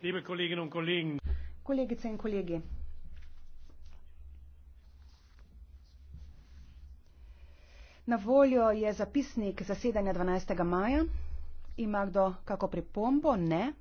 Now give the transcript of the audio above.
Liebe Kolleginnen und Kollegen, Kolleginnen und Kollegen. Na voljo je zapisnik zasedanja 12. maja. Ima kdo kako pripombo? Ne.